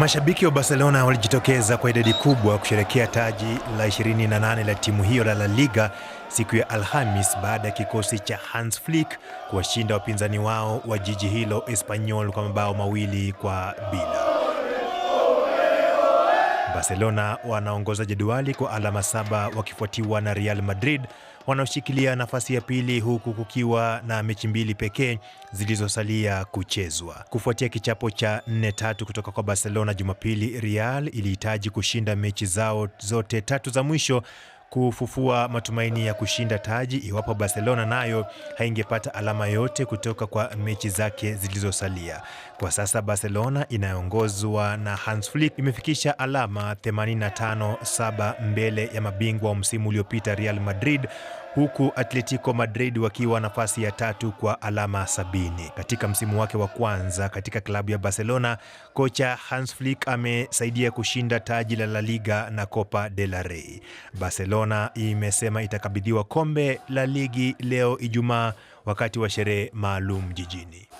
Mashabiki wa Barcelona walijitokeza kwa idadi kubwa kusherekea taji la 28 la timu hiyo la La Liga siku ya Alhamis baada ya kikosi cha Hans Flick kuwashinda wapinzani wao wa jiji hilo Espanyol kwa mabao mawili kwa bila. Barcelona wanaongoza jedwali kwa alama saba wakifuatiwa na Real Madrid wanaoshikilia nafasi ya pili huku kukiwa na mechi mbili pekee zilizosalia kuchezwa. Kufuatia kichapo cha 4-3 kutoka kwa Barcelona Jumapili, Real ilihitaji kushinda mechi zao zote tatu za mwisho kufufua matumaini ya kushinda taji iwapo Barcelona nayo haingepata alama yote kutoka kwa mechi zake zilizosalia. Kwa sasa Barcelona inayoongozwa na Hans Flick imefikisha alama 85 saba mbele ya mabingwa wa msimu uliopita Real Madrid huku Atletico Madrid wakiwa nafasi ya tatu kwa alama sabini. Katika msimu wake wa kwanza katika klabu ya Barcelona, kocha Hans Flick amesaidia kushinda taji la La Liga na Copa del Rey. Barcelona imesema itakabidhiwa kombe la ligi leo Ijumaa wakati wa sherehe maalum jijini.